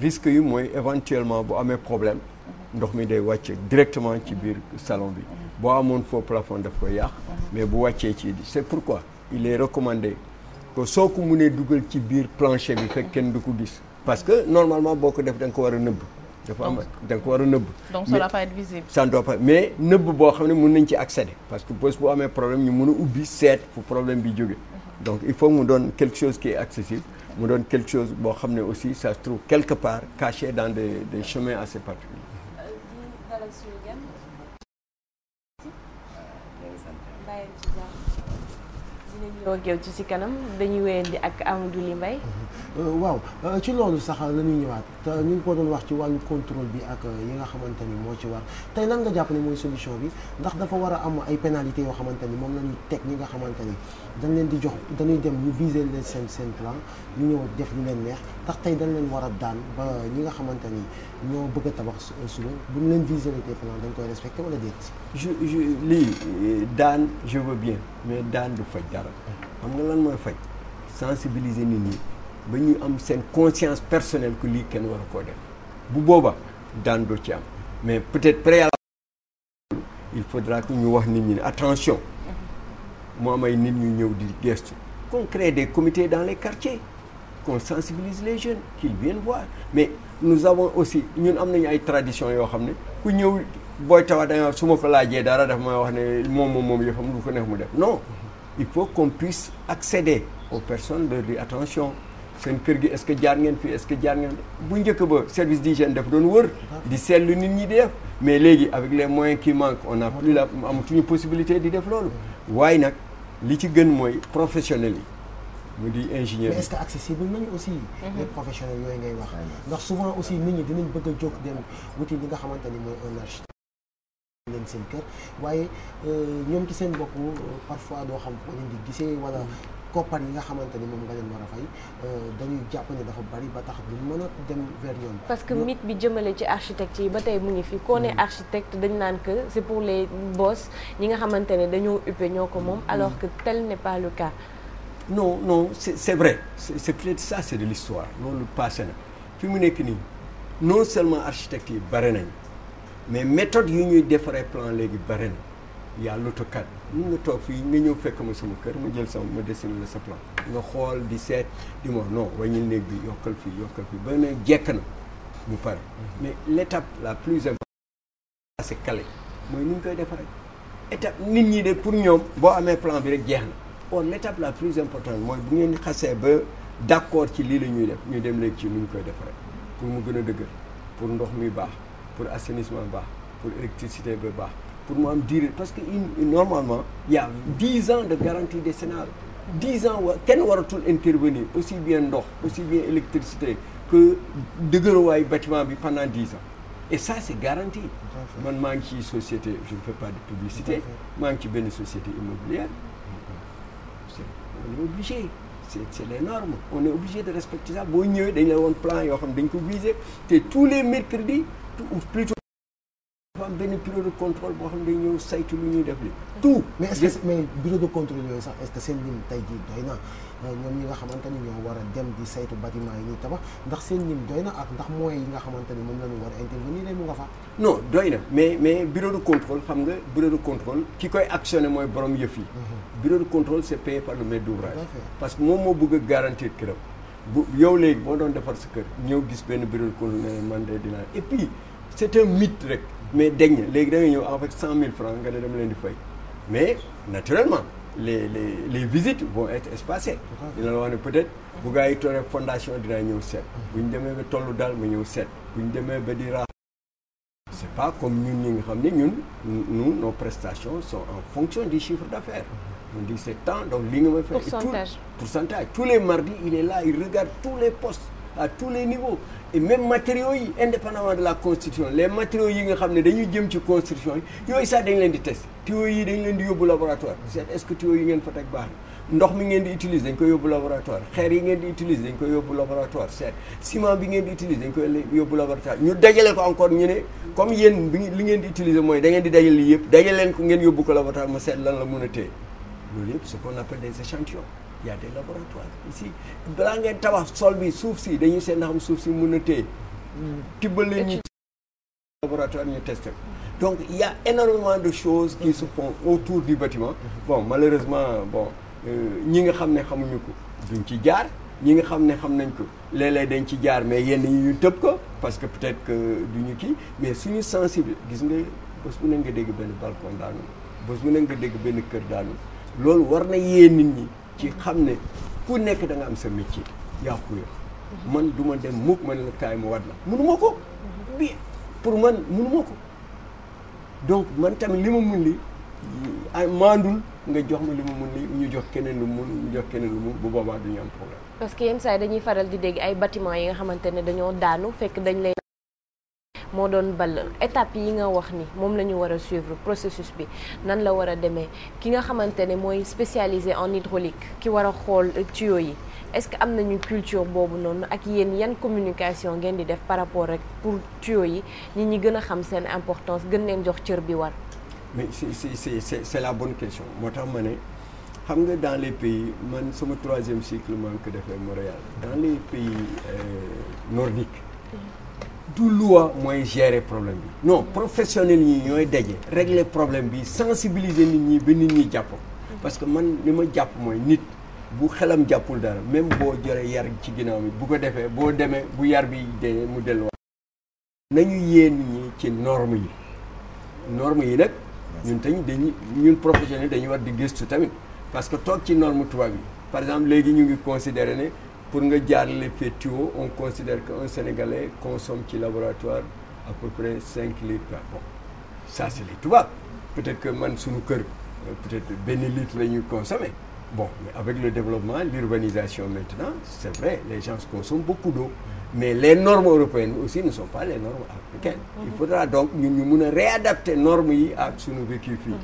risque yi mooy éventuellement bu amee problème ndox mi day wàcce directement ci biir salon bi boo amoon faux plafond daf ko yàq mais bu wàccee ci c'est pourquoi il est recommandé que soo ko mënee dugal ci biir plancher bi fekk kenn du ko gis parce que normalement boo ko def da nga ko war a nëbb dafa am da ko war a nëbb donc ça doit mais nëbb boo xam ne mën nañ ci accéder parce que bés bu amee problème ñu mun a ubbi seet fu problème bi jóge mhm. donc il faut mu doon quelque chose qui est accessible mu doon quelque chose boo xam ne aussi ça se trouve quelque part caché dans des des chemins assez particuliers. dinañu wax ci si kanam dañuy wéyandi ak Amadou Ly Mbaye Euh, waaw euh, ci loolu sax la ñuy ñëwaat ñu ngi ko doon wax ci wàllu contrôle bi ak euh, yi nga xamante ni moo ci war tey lan nga jàpp ne mooy solution bi ndax dafa war a am ay pénalités yoo xamante ni moom la ñuy teg ñi nga xamante ni dañ leen di jox dañuy dem ñu viser leen seen seen plan ñu ñëw def lu leen neex ndax tey dañ leen war a daan ba ñi nga xamante ni ñoo bëgg tabax suba bu ñu leen viser les plans dañ koy respecté wala déet. je je lii daan je veux bien mais daan du faj dara xam nga lan mooy faj sensibiliser nit ñi. ba ñu am seen conscience personnelle que lii kenn war koo def bu booba daan doo ci am mais peut-être préalable il faudra ku ñu wax nit ñi ne attention moo am ay nit ñu ñëw di gestu qu'on crée des comités dans les quartiers qu'on sensibilise les jeunes qu'ils viennent voir mais nous avons aussi ñun am nañu ay tradition yoo xam ne ku ñëw booy tawa da su ma ko laajee dara daf may wax ne moom moom moom mu lu ko neex mu def non il faut qu'on puisse accéder aux personnes leur attention seen kër gi est-ce que jaar ngeen fii est-ce que jaar bu njëkk ba service d'hygiène daf doon wër di seetlu nit ñi di def mais léegi avec les moyens qui manquent on a plus la amatuñu possibilité di def loolu waaye nag li ci gën mooy professionnel yi mu di ingénieur mais est-ce que accessible nañu aussi mhm. les professionnels yooyu ngay wax ndax souvent aussi nit ñi dinañ bëgg a jóg dem wuti li nga xamante ni mooy un architecte seen kër waaye euh, ñoom ci seen bopp parfois doo xam ko leen di koppar yi nga xamante ni moom nga leen war a fay euh, dañuy jàpp ne dafa bari ba tax ñu mën a dem vers yoon parce que mythe bi jëmale ci architecte yi ba tey mu ngi fi koo ne mm. architecte dañ naan que c'est pour les boss ñi nga xamante ne dañoo uppee ñoo ko moom alors mm. que tel ne pas le cas non non c'est c'est c'est peut-être ça c'est de l'histoire loolu passé na fi mu nekk nii non seulement architecte yi bare nañ mais méthode yi ñuy defaree plan léegi bare na yàlla a l'AutoCAD mun nga toog fii nga ñëw fekk ma sama kër ma jël sama ma dessiné la sa plan nga xool di seet di ma non wàññil néeg bi yokkal fii yokkal fii ba ne jekk na mu pare mhm. mais l'étape la plus importante c'est calé mooy ni koy defaree étape nit ñi de pour ñoom boo amee plan bi rek jeex na or l'étape la plus importante mooy bu ngeen xasee ba d'accord ci lii la ñuy def ñu dem léegi ci nu ñu koy defaree pour mu gën a dëgg pour ndox mi baax pour assainissement baax pour électricité ba baax pour mu am durée parce que normalement il y a dix ans de garantie décennale dix ans wa kenn waratul intervenir aussi bien ndox aussi bien électricité que dëgërawaay bâtiment bi pendant dix ans et ça c'est garanti man maa ngi ci société je ne fais pas de publicité maa ngi ci benn société immobilière on est obligé c'est c'est les normes on est obligé de respecter ça boo ñëwee dañ la woon plan yoo xam dañ ko viser te tous les mercredis ou plutôt dafa am benn bureau de contrôle boo xam ne day ñëw saytu lu ñuy def li tout mais est ce que mais bureau de contrôle yooyu sax est que seen lim tey jii doy na euh, ñoom ñi nga xamante ni ñoo war a dem di saytu bâtiment yi ndax seen lim doy na ak ndax moyens yi nga xamante ni moom la war a intervenir mu nga fa. non doy na mais mais bureau de contrôle xam nga bureau de contrôle ki koy actionné mooy borom yëf yi. Mhm. bureau de contrôle c' est payé par le maître d' ouvrage. parce que moom moo bëgg a garantir këram. bu yow léegi boo doon defar sa kër ñëw gis benn bureau de contrôle man de dinaa et puis c' est rek. mais deñ na léegi da nga ñëw avec cent mille francs nga ne dama leen di fay mais naturellement les les les visites vont être espacées. dina la wax ne peut-être bu gaa yi tooree fondation dinaa ñëw seet. bu ñu demee ba tollu daal ma ñëw seet bu ñu demee ba di raax. c'est pas comme ñun ñu ngi xam ne ñun nous nos prestation sont en fonction du chiffre d'affaires. on dit c'est tant donc li nga may fay. pourcentage tout pourcentage tous les mardis il est là il regarde tous les postes. à tous les niveaux et même matériaux yi indépendamment de la constitution les matériaux yi nga xam ne dañuy jëm ci constitution yi yooyu sax dañ leen di test tuyaux yi dañ leen di yóbbu laboratoire seet est-ce que tuyaux yi ngeen fa teg baax na ndox mi ngeen di utiliser dañ koy yóbbu laboratoire xeer yi ngeen di utiliser dañ koy seet ciment bi ngeen di utiliser dañ koy yóbbu laboratoire ñu dajale ko encore ñu ne comme yéen li ngeen di utiliser mooy da ngeen di dajale yëpp dajale leen ko ngeen yóbbu ko laboratoire mu seet a téye loolu yëpp ce qu'on appelle y a des laboratoires ici balaa ngeen tabax sol bi suuf si dañuy seen xam suuf si mun na téye tibbale ñu laboratoire ñu ko donc il y de chose qui se font autour du bâtiment bon malheureusement bon euh, ñi nga xam ne xamuñu ko duñ ci jaar ñi nga xam ne xam nañ ko léeg dañ ci jaar mais yenn yi ñu tëb ko parce que peut-être que duñu ki mais suñu sensible gis nga bés bu ne nga dégg benn balcon daanu bés bu ne nga dégg benn kër daanu loolu war na yee nit ñi ci xam ne ku nekk da nga am sa métier yàqu ko yor man du ma dem mukk man la kaay ma wat la munuma ko bi pour man munuma ko donc man tamit li ma mun li ay maandul nga jox ma li mu mun nii ñu jox keneen lu mu mun ñu jox keneen lu mu bu boobaa du ñu am problème. parce que yenn saa yi dañuy faral di dégg ay batiment yi nga xamante ne dañoo daanu fekk dañ lay. moo doon ball étape yi nga wax ni moom la ñu war a suivre processus bi nan la war a demee ki nga xamante ne mooy spécialisé en hydraulique ki war a xool tuyaux yi est-ce que am nañu culture boobu noonu ak yéen yan communication ngeen di def par rapport rek pour tuyaux yi nit ñi gën a xam seen importance gën leen jox cër bi war. mais si si si c'est c'est la bonne question moo tax ma ne xam nga dans les pays man sama troisième cycle maa ngi ko defee Montréal dans les pays euh, tout loi mooy gérer problème bi non professionnels yi ñooy daje régler problème bi sensibiliser nit ñi ba nit ñi jàpp parce que man ni ma jàpp mooy nit bu xelam jàppul dara même boo jëlee yar ci ginnaaw mi bu ko defee boo demee bu yar bi dee mu delluwaat. nañu yéen nit ñi ci norme yi normes yi nag ñun tamit dañu ñun professionnels dañuy war di gëstu tamit parce que toog ci norme tubaab yi par exemple léegi ñu ngi considéré ne pour nga jaarale Fétuo on considère un Sénégalais consomme ci laboratoire à peu près cinq litres par bon ça c'est les tubaab peut-être que man suñu kër peut-être benn litre la ñuy consommer bon mais avec le développement l'urbanisation maintenant c'est vrai les gens consomment beaucoup d'eau mais les normes européennes aussi ne sont pas les normes africaines il faudra donc ñun ñu mun a réadapter normes yi ak suñu vécu fii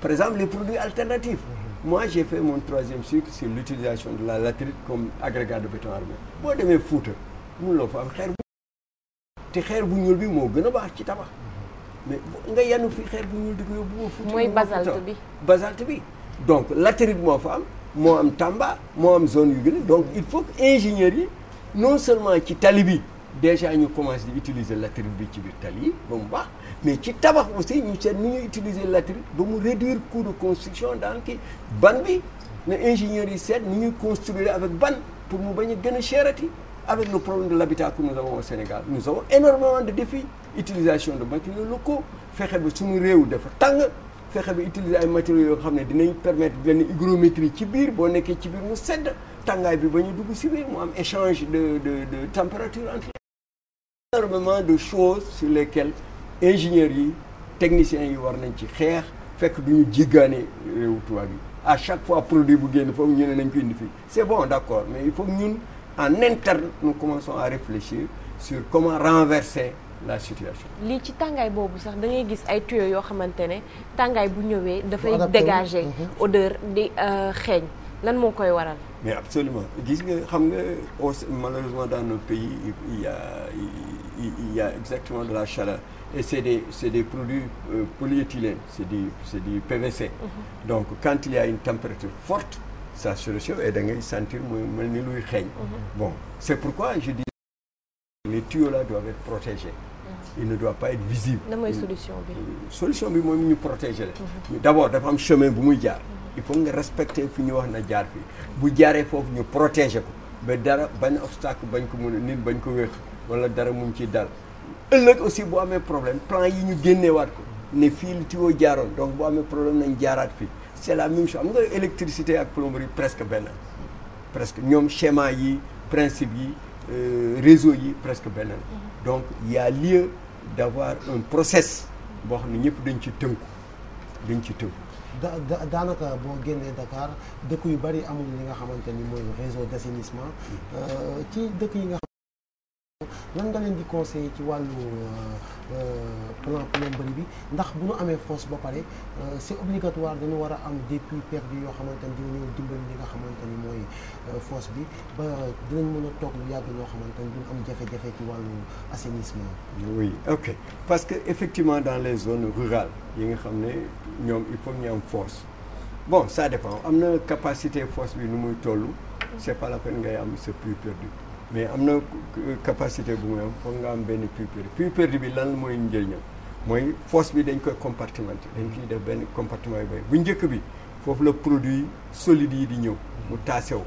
Par exemple, les produits alternatifs. Moi, j'ai fait mon troisième cycle sur l'utilisation de la latérite comme agrégat de béton boo demee Fuuta mënuloo fa am xeer bu te xeer bu ñuul bi moo gën a baax ci tabax mais nga yenn fi xeer bu ñuul di ko yóbbu mooy basalte bi basalte bi donc latérite moo fa am moo am Tamba moo am zone yu gën a donc il faut que ingénieurs yi non seulement ci tali bi déjà ñu commence di utiliser latérite bi ci biir tali yi ba mu baax mais ci tabax aussi ñu seet ni ñuy utiliser latérite ba mu réduire coût de construction dans kii ban bi na ingénieurs yi seet nu ñuy construire avec ban pour mu bañ a gën a cherati avec le problème de l'habitat que nous avons au Sénégal nous avons énormément de défis utilisation de matériaux ko fexe ba suñu réew dafa tàng fexe bi utiliser ay matériaux yoo xam ne dinañ permettre benn hygrométrie ci biir boo nekkee ci biir mu sedd tàngaay bi ba ñu dugg si biir mu am échange de de de température entre énormément de choses sur lesquelles ingénieurs yi techniciens yi war nañ ci xeex fekk du ñu jéggaane réewu tubaab yi à chaque fois produit bu génn foofu ñu ne nañ ko indi fii c'est bon d'accord mais il faut que ñun en interne nous commençons à réfléchir sur comment renverser la situation. lii ci tàngaay boobu sax da gis ay tuyaux yoo xamante ne tàngaay bu ñëwee. dafay dégager mhm. odeur di euh, xeeñ lan moo koy waral. mais absolument gis nga xam nga au malheureusement dans nos pays il y a il y a exactement de la chaleur. et c'est des, des, produits euh, polyéthylènes, c'est du, du, PVC. Mm -hmm. Donc quand il y a une température forte, sa solution est de sentir mhm. Bon, c'est pourquoi je dis que les tuyaux-là doivent être protégés. Mhm. Il ne doit pas être visible. Quelle est la solution La euh, solution, c'est de nous protéger. Mhm. D'abord, il y a un chemin pour nous Il faut respecter ce nous avons fait. Si nous avons nous protéger. Mais il y a un obstacle, il y a un obstacle, il y a un ëllëg aussi boo amee problème plan yi ñu génneewaat ko ne fii lu tuyau jaaroon donc boo amee problème nañ jaaraat fii c'est la même chose am nga électricité ak plomberie presque benn presque ñoom schéma yi principe yi euh, réseau yi presque benn mhm. donc il y a lieu d'avoir un process boo xam ne ñëpp dañ ci tënku dañ ci tënku da daanaka boo génnee Dakar dëkk yu bari amul li nga xamante ni mooy réseau d'assainissement mm. euh, ci dëkk yi nga lan nga leen di conseiller ci wàllu euh, euh, plan plomberie bi ndax bu ñu amee force ba pare euh, c'est obligatoire dañu war a am des puits yoo xamante ni dinañu dimbali li nga xamante ni mooy fosse bi ba dinañ mën a toog lu yàgg loo xamante ni duñ am jafe-jafe ci wàllu assainissement. oui ok parce que effectivement dans les zones rurales yi nga xam ne ñoom il faut ñu am fosse bon ça dépend am na capacité fosse bi nu muy tollu c'est pas la ngay am ce puits perdu. mais am na capacité bu muy am foog nga am benn puits puits bi lan mooy jël ñëw mooy fosse bi dañ koy compartimenté dañ ciy def benn compartement yu bëri bu njëkk bi foofu la produit solide yi di ñëw mu taasew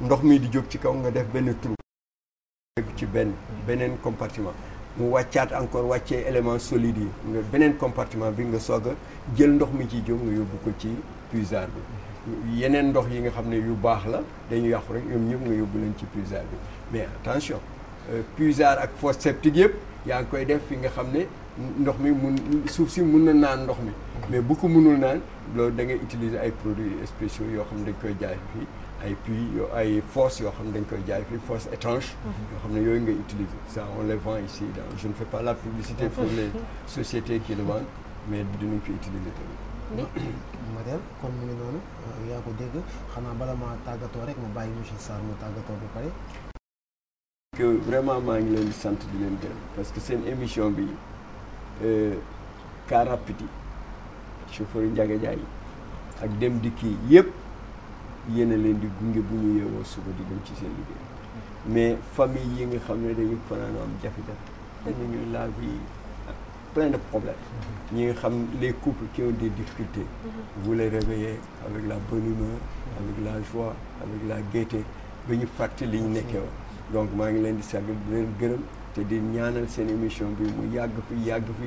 ndox mi di jóg ci kaw nga def benn trou ci benn beneen compartiment mu wàccaat encore wàccee élément solide yi nga beneen compartiment bi nga soog a jël ndox mi ci jóg nga yóbbu ko ci puisard bi yeneen ndox yi nga xam ne yu baax la dañu yàqu rek ñoom ñëpp yóbbu leen ci puisard bi mais attention euh, puisard ak fosse septique yëpp yaa ngi koy def fii nga xam ne ndox mi mun suuf si mun na naan ndox mi mais bu ko munul naan loolu da ngay utiliser ay produits spéciaux yoo xam ne dañ koy jaay fii ay puits yo ay fosse yoo xam ne dañ koy jaay fii fosse étanche mhm. yoo xam ne yooyu ngay utiliser ça on les vend ici dans je ne fais pas la publicité pour les sociétés qui le vendent mais dinañ ko utiliser tamit modèle kon mu ne noonu euh, yaa ko dégg xanaa bala tàggatoo rek ma bàyyi monsieur Sarr mu tàggatoo que vraiment maa ngi leen di sant di leen gërëm parce que seen émission bi euh, car rapide yi ak dem dikk yi yëpp yéen leen di gunge bu ñu yeewoo suba di dem ci seen liggéey mais famille yi nga xam ne dañu fanaan am jafe-jafe ñu la vie plein de problèmes ñi nga xam les couples qui ont des difficultés vous les avec la bonne avec la joie avec la gaieté ba ñu fàtte li ñu nekkee woon donc maa ngi leen di sàgg di leen gërëm te di ñaanal seen émission bi mu yàgg fi yàgg fi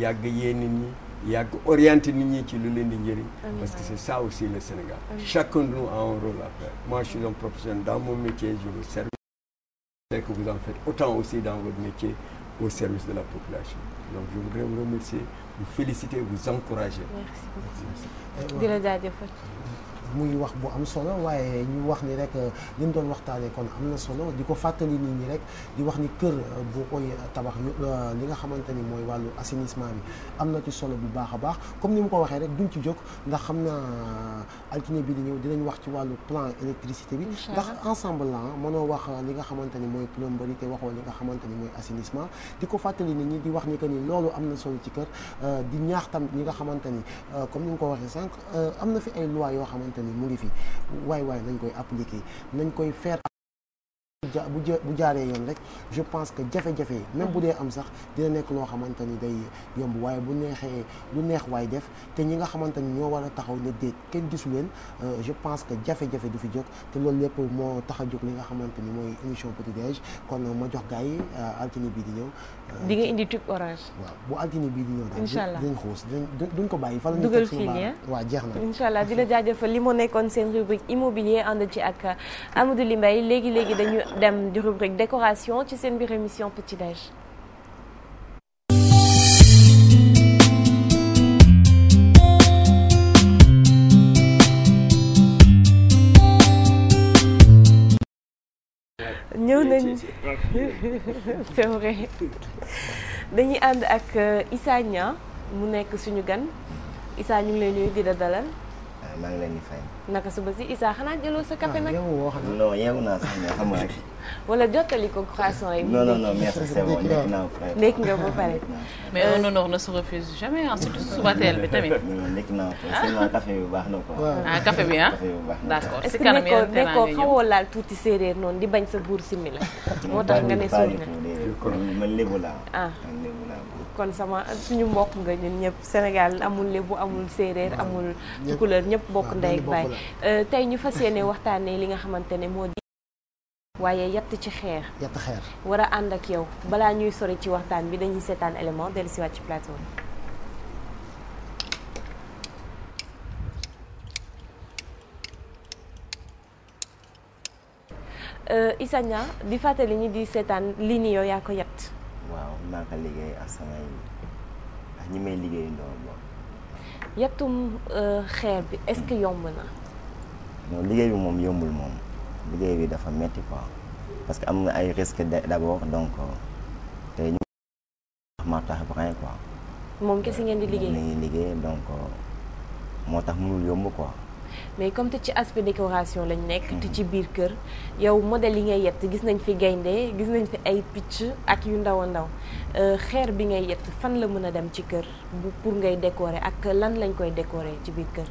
yàgg yee nit ñi yàgg oriente nit ñi ci lu leen di njëriñ parce que c'est ça aussi le Sénégal chacun de nous a un rôle à faire moi je suis un professionnel dans mon métier je vous aussi dans votre métier au service de la population donc je voudrais vous remercier vous féliciter vous encourager merci beaucoup euh, di muy wax bu am solo waaye ñu wax ni rek li mu doon waxtaanee kon am na solo di ko fàttali nit ñi rek di wax ni kër euh, boo koy tabax euh, li nga xamante ni mooy wàllu assainissement bi am na ci solo bu baax a baax comme ni mu ko waxee rek duñ ci jóg ndax xam naa euh, altine bi di ñëw dinañ wax ci wàllu plan électricité bi ndax ensemble la ah, mënoo wax li nga xamante ni mooy plomberie te waxoo li nga xamante ni mooy assainissement di ko fàttali nit ñi di wax ni que ni loolu am na solo ci kër di ñaax tam ñi nga xamante ni comme ni mu ko waxee sànq am na fi ay loi yoo xamante xamante ni mu ngi fi waaye waaye nañ koy appliquer nañ koy faire bu jaaree yoon rek je pense que jafe-jafe yi même bu dee am sax dina nekk loo xamante ni day yomb waaye bu neexee lu neex waay def te ñi nga xamante ni ñoo war a taxaw ne déet kenn gisu leen euh, je pense que jafe-jafe du fi jóg te loolu lépp moo tax a jóg li nga xamante ni mooy émission petit déj kon ma jox gars yi euh, altine bii di ñëw di nga indi tube orange. waaw bu altine bii di ñëw daal. incha allah duñ ko bàyyi. fa la ñu dugal fii nii waaw jeex na. incha allah di la jaajëfal li moo nekkoon seen rubrique immobilier ànd ci ak Amadou Ly Mbaye léegi léegi dañu dem di rubrique décoration ci seen biir émission Petit Déj. ñëw nañ c'est dañuy ànd ak euh, Issa mu nekk suñu gan Issa ñu ngi lay nuyu di dalal ah, maa ngi leen di fay naka suba si Issa xanaa jëloo sa café ah, nag yow wala jottali ko croissant yi. non non non merci c'est bon nekk naa frère. nekk nga ba pare. mais a euh, honneur ne se refuse jamais ah surtout suba teel bi tamit. nekk na quoi. ah café a ngi ñëw est nekkoo xawoo laal tuuti séeréer noonu di bañ sa buur simmi la. moo tax nga ne suuf na man ah. kon sama suñu mbokk nga ñun ñëpp Sénégal amul lébu amul séeréer ah. amul. couleur ñëpp bokk ah, ndey ak baay euh, tey ñu fas yéene waxtaanee li nga xamante moo waaye yatt ci xeer. yatt xeer. war ànd ak yow balaa ñuy sori ci waxtaan bi dañuy seetaan élément dellu si waat ci plateau bi. Euh, Issa Niang di fàttali ñu di seetaan lii nii yow yaa ko yatt. waaw maa ko liggéey ak samay ak ñi may liggéey ndoom moom. yattum euh, xeer bi est-ce que yomb na. liggéey bi moom yombul moom. liggéey bi dafa metti quoi parce que am na ay risque d'abord donc euh, te ñu Martha Brin quoi moom kese ngeen di liggéey liggéey donc euh, moo tax mënul yomb ko mais comme te ci aspect décoration lañu nekk te mhm. ci biir kër yow modèle yi ngay yett gis nañ fi gaynde gis nañ fi ay picc ak yu ndaw a ndaw euh, xeer bi ngay yett fan la mën a dem ci kër bu pour ngay décorer ak lan lañ koy décorer ci biir kër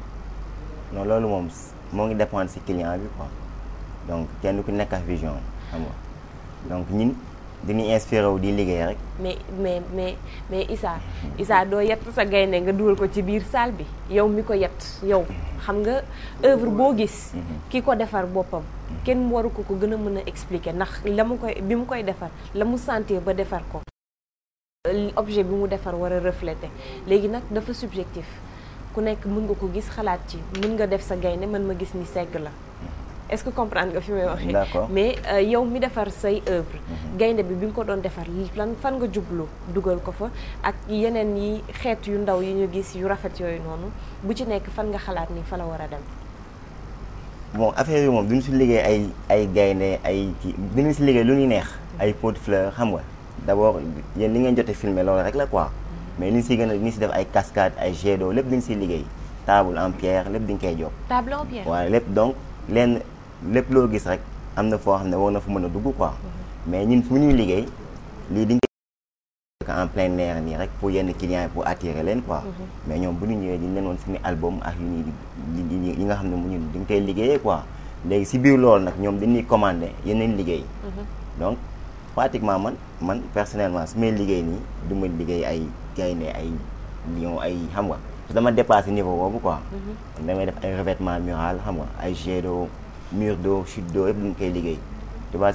non loolu moom moo ngi dépendre ci client bi quoi donc kenn ku nekk ak vision xam donc ñun dañuy inspiré wu di liggéey rek. mais mais mais mais Issa Issa doo yett sa gaynde nga dugal ko ci biir saal bi yow mi ko yett yow xam nga œuvre boo gis. ki ko defar boppam. kenn waru ko ko gën a mën a expliquer ndax la mu koy bi mu koy defar la mu sentir ba defar ko. objet bi mu defar war a refléter léegi nag dafa subjectif ku nekk mën nga ko gis xalaat ci mën nga def sa gaynde man ma gis ni segg la. est-ce que comprendre nga fi may waxee. d'accord mais euh, yow mi defar say œuvre. Mhm. gaynde bi bi nga ko doon defar lan fan nga jublu dugal ko fa ak yeneen yi xeet yu ndaw yi ñu gis yu rafet yooyu noonu bu ci nekk fan nga xalaat ni fa la war a dem. bon affaire yi moom duñu si liggéey ay ay gaynde ay kii duñu si liggéey lu ñu neex. Mhm. ay pot de xam nga d'abord yéen li ngeen jotee filmé loolu rek la quoi. Mhm. mais li ñu si gën a li ñu si def ay cascade ay jet d'eau siy liggéey table en pierre lépp dañu koy jox. table en lépp loo gis rek am na foo xam ne war na fa man a dugg quoi mais ñun fu ñuy liggéey lii diñ ko en plein air nii rek pour yenn clients yi leen quoi mhm. mais ñoom bu ñu ñëwee diñ leen woon suñu album ak nga xam ne mu ñun diñ koy liggéeyee quoi léegi si biir loolu nag ñoom dañuy commandé yeneen liggéey mhm. donc pratiquement man man personnellement su may liggéey nii du ma liggéey ay gaynde ay lion ay xam nga dama dépassé niveau boobu quoi mhm. damay def ay revêtement mural xam nga ay jet mur d'eau chute d'eau yëpp dañ koy liggéey tu vois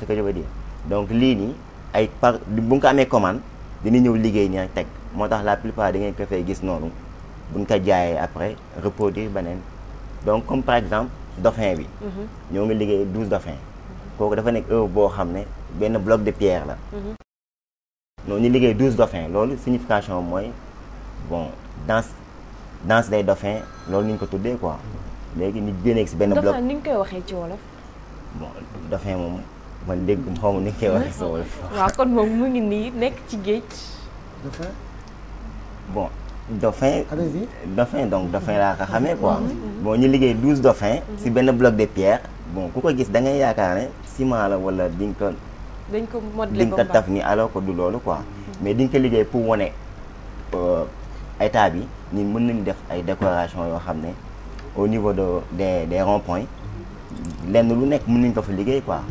donc lii nii ay par bu nga ko amee commande dina ñëw liggéey nii teg moo tax la plupart da ngeen ko gis noonu buñ ko jaayee après reproduire beneen donc comme par exemple fin bi mhm. ñoo ngi liggéey douze dauphin kooku dafa nekk œuvre boo xam ne benn bloc de pierre la mhm. noonu ñu liggéey douze dauphins loolu signification mooy bon danse danse des dauphins loolu ñu ko tuddee quoi léegi nit génneeg si benn. bloc ni nga koy waxee ci wolof. bon moom man dégg xaw ni nga koy waxee si wolof. waaw kon nekk ci géej. dafa. bon dauphin dauphin donc dauphin laa ko xamee quoi mhm. bon ñu liggéey douze dauphins mhm. si benn bloc de pierre bon ku ko gis da ngay yaakaar ne ciment la wala di nga ko dañ ko modelé di ko taf ni alors que du loolu quoi mhm. mais di ko liggéey pour wane euh, état bi ni mën nañ def ay décoration yoo xam ne au niveau de de des ronds-points lenn lu nekk mun nañ ko fa liggéey quoi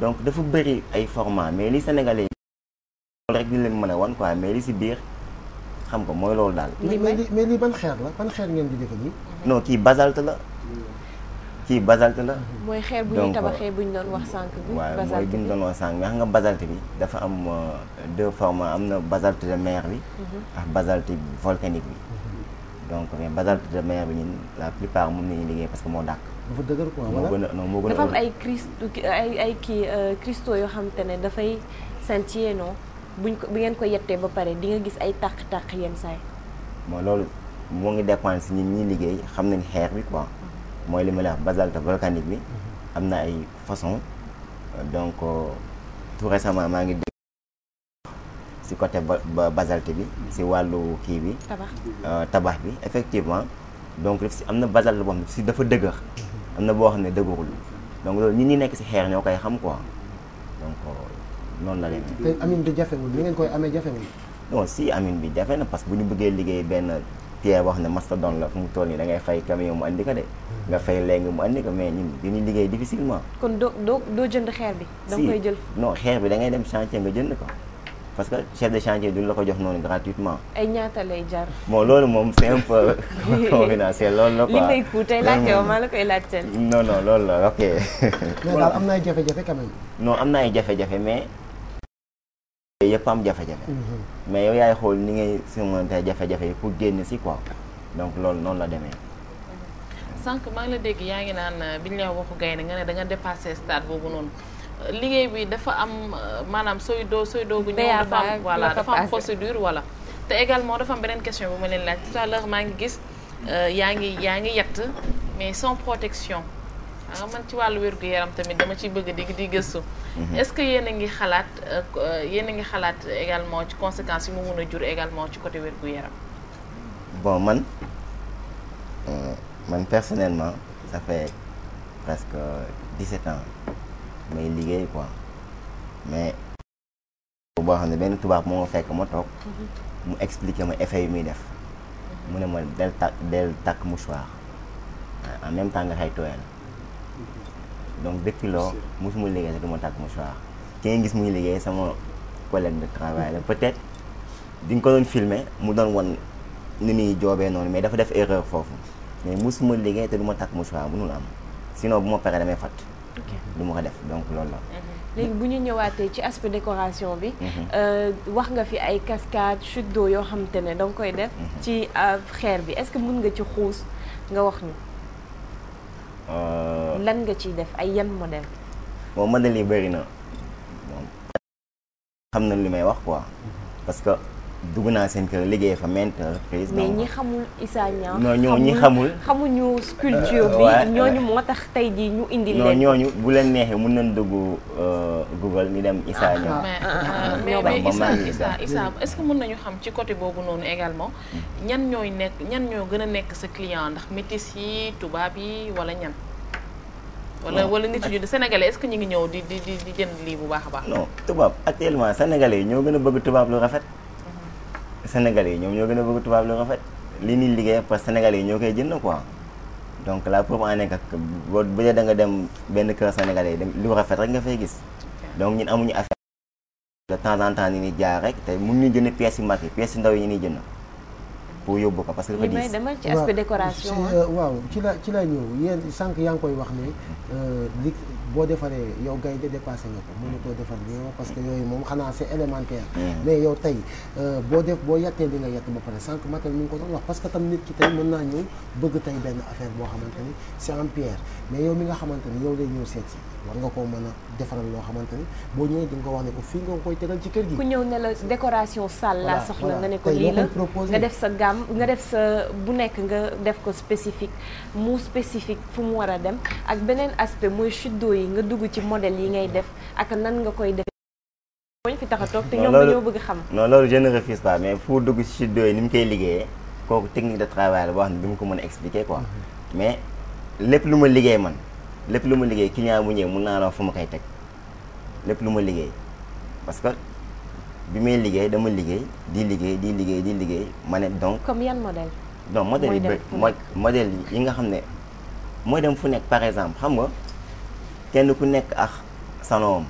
donc dafa bëri ay format mais li sénégalais yi rek ñu leen mën a wan quoi mais li si biir xam nga mooy loolu daal. mais lii ban xeer la ban xeer ngeen di defal nii. non kii basalte la kii basalte la. mooy xeer bu ñuy tabaxee euh, bu ñu doon wax sànq bi. basalte bi waaw mooy bi xam nga basalte bi dafa am euh, deux formats am na basalte de mer bi. Mhm. ak basalte volcanique bi. donc mais Bazal de manière bi ñun la plupart moom la ñuy liggéey parce que moo dàq. dafa dëgër quoi am ay crist ay ay kii euh, cristaux yoo xam ne dafay scintiller non buñ ko bi ngeen ko yettee ba pare di nga gis ay tàq-tàq yenn saay. mooy loolu moo ngi dépendre si ñuy liggéey xam nañ xeer bi quoi mooy li ma la wax basalte volcanique bi am na ay façon donc euh, tout récemment maa ngi. si côté ba basalte bi si wàllu kii bi euh, tabax bi effectivement donc def si am na basalte boo xam si dafa dëgër am na boo xam ne dëgërul donc loolu nit ñi nekk si xeer ñoo koy xam quoi donc euh, noonu la demee te amine bi jafewul ni ngeen koy amee jafewul non si amine bi jafe na parce que bu ñu bëggee liggéey benn pierre boo xam ne mastodon la fu mu toll nii da ngay fay camion mu andi ko de nga fay léegi mu andi ko mais ñun dañuy liggéey difficilement kon doo doo doo jënd xeer bi da nga jël non xeer bi da ngay dem chantier nga jënd ko parce que chef de chantier duñ la ko jox noonu gratuitement. ay ñaata lay jar. moo loolu moom c'est un la quoi. li may la koy laajteel. non non loolu la ok. mais daal am na jafe-jafe quand même. am na ay jafe-jafe mais. yëpp am jafe mhm. mais yow yaay xool ni ngay surmonter jafe-jafe yi pour génn si quoi donc loolu noonu la demee. sànq maa ngi la dégg yaa ngi naan euh, bi ñu la waxu gaynde nga ne da nga stade boobu noonu. liggéey bi dafa am euh, maanaam sooy doo sooy doogu ñëw dafa am voilà dafa am procédure voilà te également dafa am beneen question bu ma leen laaj tout à l'heure maa ngi gis euh, yaa ngi yaa ngi yett mais sans protection nga ah, man ci wàllu wér-gu-yaram tamit dama ciy bëgg di di gëstu mhm. est-ce que yéen a ngi xalaat euh, yéen a ngi xalaat également ci conséquence yi mu mun a jur également ci côté wér-gu-yaram bon man man personnellement ça fait presque 17 ans may liggéey quoi mais boo xam ne benn tubaab moo fekk ma toog mu expliqué ma effet yi muy def mu ne ma del takk del en même temps nga xay tooyal donc depuis loo mosuma liggéey te du ma takk mouchoir ki nga gis muy liggéey sama collègue de peut-être di nga ko doon filmer mu doon won ni muy joobee noonu mais dafa def erreur foofu mais ma liggéey te du ma takk mouchoir bu nunu am sinon bu ma paree damay fatt du ma ko def donc loolu la. Mhm. léegi bu ñu ñëwaatee ci aspect décoration bi. Mhm. Euh, wax nga fi ay cascade chute d'eau yoo xamante ne danga koy def. Mhm. ci xeer euh, bi est-ce que mën nga ci xuus nga wax nu euh, lan nga ciy def ay yan modèle bon modèle yi bëri na xam na li may wax quoi parce dugg naa seen kër liggéey fa maintes reprises. mais ñi xamul Issa Niang. non ñoo ñi xamul xamuñu sculpture bi ñooñu moo tax tey jii ñu indi leen. non ñooñu bu leen neexee mën nañ dugg euh, Google ñu dem Issa Niang. Ah, ah, ah, mais mais Issa Issa Issa est ce que mën nañu xam ci côté boobu noonu également hmm. ñan ñooy nekk ñan ñoo gën a nekk sa client ndax métis yi tubaab yi wala ñan. wala wala nit ñu sénégalais est-ce que ñu ngi ñëw di di di jënd lii bu baax a baax. non tubaab actuellement sénégalais yi ñoo gën a bëgg tubaab lu rafet. Sénégalais yi ñoom ñoo gën a bëgg tubaab lu rafet li ñuy liggéey parce que Sénégalais yi ñoo koy jënd ko donc la preuve en est que boo bu da nga dem benn kër Sénégalais yi dem lu rafet rek nga fay gis donc ñun amuñu affaire de temps en temps ñu ni jaar rek te mun ñu jën pièces yu mag yi pièces yu ndaw yi ñuy jënd pour yóbbu ko parce que dafa diis demal ci aspect décoration euh, waaw ci la ci la ñëw yéen sànq yaa ngi koy wax ne euh, boo defaree yow gaynde dépassé nga ko koo defar lion parce que yooyu moom xanaa c'est élémentaire mm. mais yow tey euh, boo def boo yattee li nga yett ba pare sànq matal mi ngi ko doon wax parce que tam nit ki tey mën naa ñëw bëgg tey benn affaire boo xamante ni en pierre mais yow mi nga xamante ni yow lay ñëw seet si war nga koo mën a defaral loo xamante ni boo ñëwee di nga ko wax ne ko fii nga koy tegal ci kër gi ku ñëw ne la décoration salle laa soxla nga ne ko lii la nga def sa gamme nga def sa bu nekk nga def ko spécifique mu spécifique fu mu war a dem ak beneen aspect mooy chute d'eau yi nga dugg ci modèle yi ngay def ak nan nga koy defee. ñu tax a toog te xam. non loolu je ne refuse mais pour dugg ni mu koy liggéeyee kooku technique de travail la boo xam ne du ma ko mm-hmm. mais lépp lu ma liggéey man lépp lu ma liggéey client bu ñëw mun naa la fu ma koy teg lép lu ma liggéey parce que bi may liggéey dama liggéey di liggéey di liggéey di liggéey ma ne donc. comme yan modèle. donc modèle yi bëri modèle yi nga xam ne mooy dem fu nekk par exemple xam nga. kenn ku nekk ax salon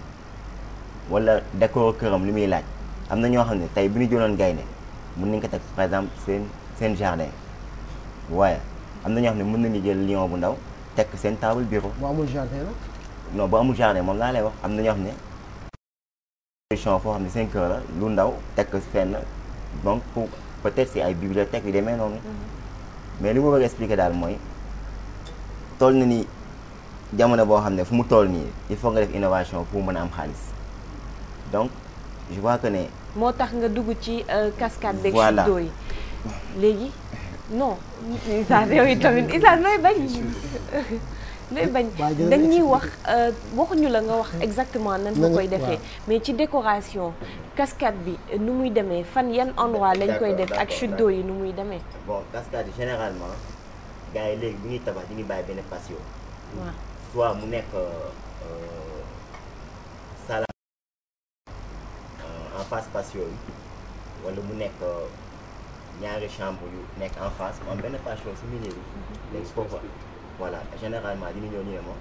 wala décor këram lu muy laaj am na ñoo xam ne tey bu ñu jëloon gaynde mën nañ ko teg par exemple seen seen jardin waaye am na ñoo xam ne mën nañu jël lion bu ndaw tekk seen taabal bureau. bu amul jardin la. non bu amul jardin moom laa lay wax am na ñoo xam ne. solution xam ne seen kër la lu ndaw teg fenn donc pour peut-être si ay bibliothèque yu demee noonu. Mhm. mais li ma bëgg expliquer daal mooy toll na ni. jamono boo xam ne fu mu toll nii il faut nga def innovation pour mën a am xaalis donc je vois que ne. moo tax nga dugg ci euh, cascade. beeg chute yi léegi non. Issa yow tamit Issa nooy bañ. nooy bañ dañuy wax euh, waxuñu la nga wax exactement nañ nga koy defee mais ci décoration cascade bi nu muy demee fan yan endroit lañ koy def ak chute d'eau yi nu muy demee. bon cascade yi généralement gars léegi bu ñuy tabax di ngi bàyyi benn patio. soit euh, euh, mu nekk sala en mu nekk ñaari chambre yu nekk en face mu am benn patio si milieu bi mhm. léegi foofa voilà généralement dina ñëw ñu ne ma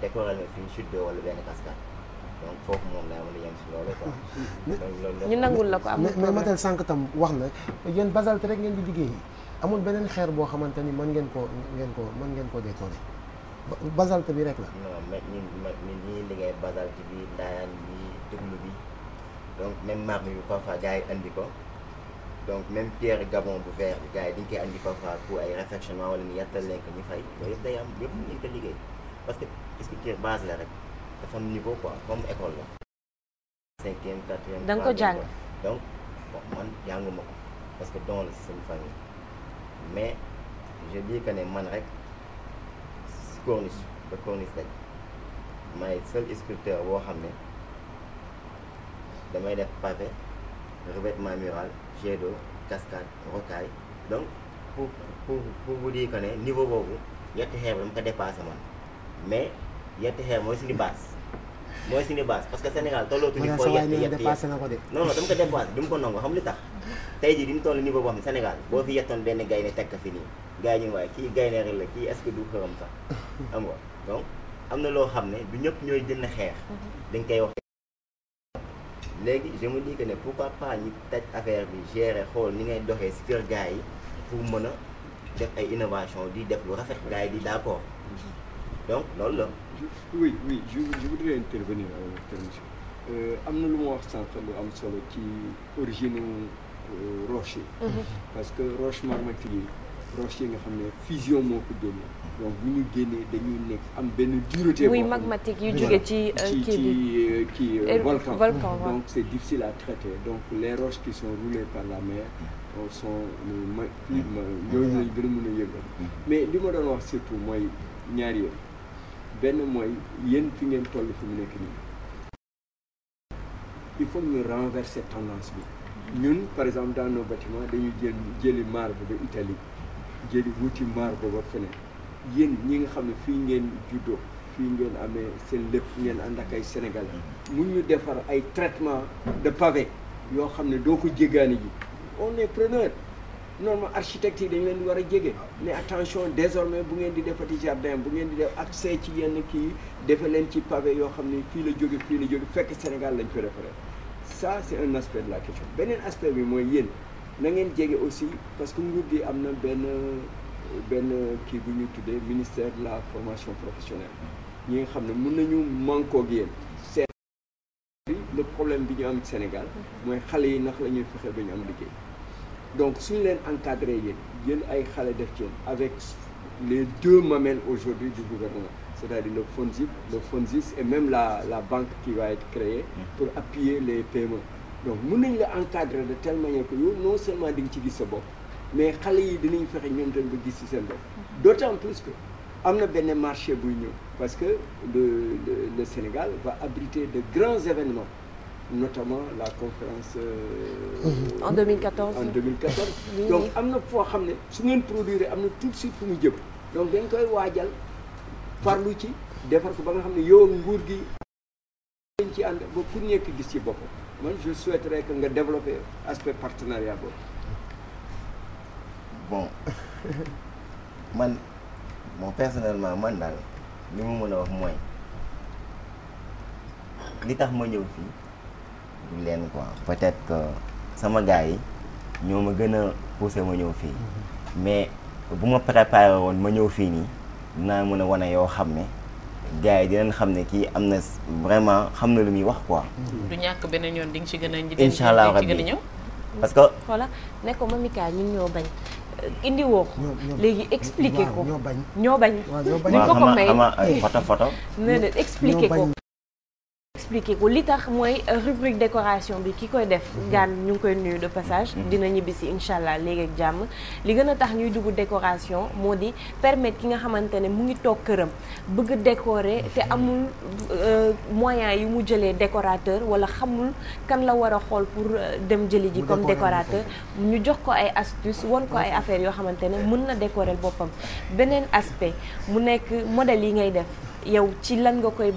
décorer ma fii chute d'eau wala benn cascade donc foofu moom laa loolu quoi. ñu nangul la ko am ma Matel sànq tam wax na yéen basalte rek ngeen di liggéey amul beneen xeer boo xamante ni mën ngeen ko ngeen ko mën ngeen koo décorer. basalte bi rek la. basalte bi donc même marbre bi donc même pierre gabon bu vert bi gars yi andi parfois pour ay réfectionnement liggéey parce que structure base la rek dafa la. cinquième da nga ko jàng donc bon man jànguma ko parce que don la si seen famille mais je dis que ne man rek. corniche ba corniche daj may seul sculpteur boo xam ne damay def pavé revêtement mural jet d'eau cascade rocaille donc pour pour pour vous dire que ne niveau boobu yetti xeer dama ko dépassé man mais yetti xeer mooy suñu base mooy suñu base parce que Sénégal tollootuñu foo yetti yetti non non dama ko dépassé du mu ko nongo xam li tax tey jii di toll niveau boo xam ne Sénégal boo fi yettoon benn gaynde tekk fi nii gars yi ñu waaye la kii est-ce que du xëram sax am nga donc am na loo xam ne du ñëpp ñooy jënd xeex mhm. dañ koy wax léegi je me dis que ne pourquoi pas ñu taj affaire bi gérer xool ni ngay doxee si kër gars yi pour mën a def ay innovation di def lu rafet gars yi di d'accord mhm. donc loolu la oui oui je, je intervenir avec euh, permission euh, am na lu ma wax sànq lu am solo ci origine euh, roche yi mhm. parce que roche marmatulier projet yi nga xam ne fusion moo ko génne donc bu génnee dañuy nekk am benn dureté. muy magmatique yu jóge euh, ci kii bi ci ci euh, euh, volcan. donc c' est difficile à traiter donc les roches qui sont roulées par la mer son ma plus mm. ma yooyu lañ a mën a mm. mais li ma doon wax surtout mooy ñaari yëpp benn mooy yéen fi ngeen toll fi mu nekk nii. il faut ñu renverser tendance bi mm. ñun par exemple dans nos bâtiments dañuy jël jëli marbre de Italie. jëli wuti maar booba feneen yéen ñi nga xam ne fii ngeen juddoo fii ngeen amee seen lépp ngeen ànd ak ay Sénégal mun ñu defar ay traitement de pavé yoo xam ne doo ko jéggaani ji on est preneur normal architecte yi dañ leen di war a jege mais attention désormais bu ngeen di defati jardin bu ngeen di def accès ci yenn kii defe leen ci pavé yoo xam ne fii la jóge fii la jóge fekk Sénégal lañ ko defaree ça c'est un aspect de la question beneen aspect bi mooy yéen na ngeen jege aussi parce que nguur gi am na benn benn kii bu ñu tuddee ministère de la formation professionnelle ñi nga xam ne mun nañu mànkoo ak yéen seet le problème bi ñu am Sénégal mooy xale yi nax la ñuy fexe ba ñu am liggéey donc suñu leen encadré yéen yéen ay xale def ci avec les deux mamelles aujourd'hui du gouvernement c'est-à-dire le FONGIP le FONSIS et même la la banque qui waaye être créée pour appuyer les PME donc mun nañu la encadrer de telle manière que yow non seulement di nga ci gis sa bopp mais xale yi dinañ fexe ñoom tamit ba gis ci seen bopp d'autant plus que am na benn marché buy ñëw parce que le, le le Sénégal va abriter de grands événements notamment la conférence. Euh, mhm. en 2014 en 2014. Oui. donc am na foo xam ne su ngeen produire am na tout de suite fu mu jëm. donc dañ koy waajal farlu ci defar ko ba nga xam ne yow nguur gi. dañ ci ànd ba ku nekk gis ci boppam. man je souhaiterais que nga développer aspect partenariat boobu. bon man bon personnellement man daal li mu mën a wax mooy li tax ma ñëw fii du leen quoi peut-être sama gars yi ñoo ma gën a poussé ma ñëw fii mhm. mais bu ma préparé woon ma ñëw fii nii naa mën a wane yoo xam ne. gars yi dinañ xam ne kii am na vraiment xam na lu muy wax quoi. du ñàkk beneen yoon di nga ci gën a. incha allah rabbi ñëw. parce que voilà ne ko Mamika ñun ñoo bañ. indi woo ko léegi expliqué ko ñoo bañ. ñoo bañ. waaw ñoo bañ ko ko may waaw xama xama ay ko. expliquer ko li tax mooy rubrique décoration bi ki koy def mhm. gaan ñu ngi koy nuyu de passage mhm. dina ñibbisi incha allah léegi ak jàmm li gën a tax ñuy dugg décoration moo di permettre ki nga xamante ne mu ngi toog këram bëgg a décorer te mhm. amul euh, moyen yu mu jëlee décorateur wala xamul kan la war a xool pour euh, dem jëli ji comme décorateur ñu jox ko ay astuce won ko ay affaires yoo xamante ne mën na décorer boppam beneen aspect mu nekk modèle yi ngay def yow ci lan nga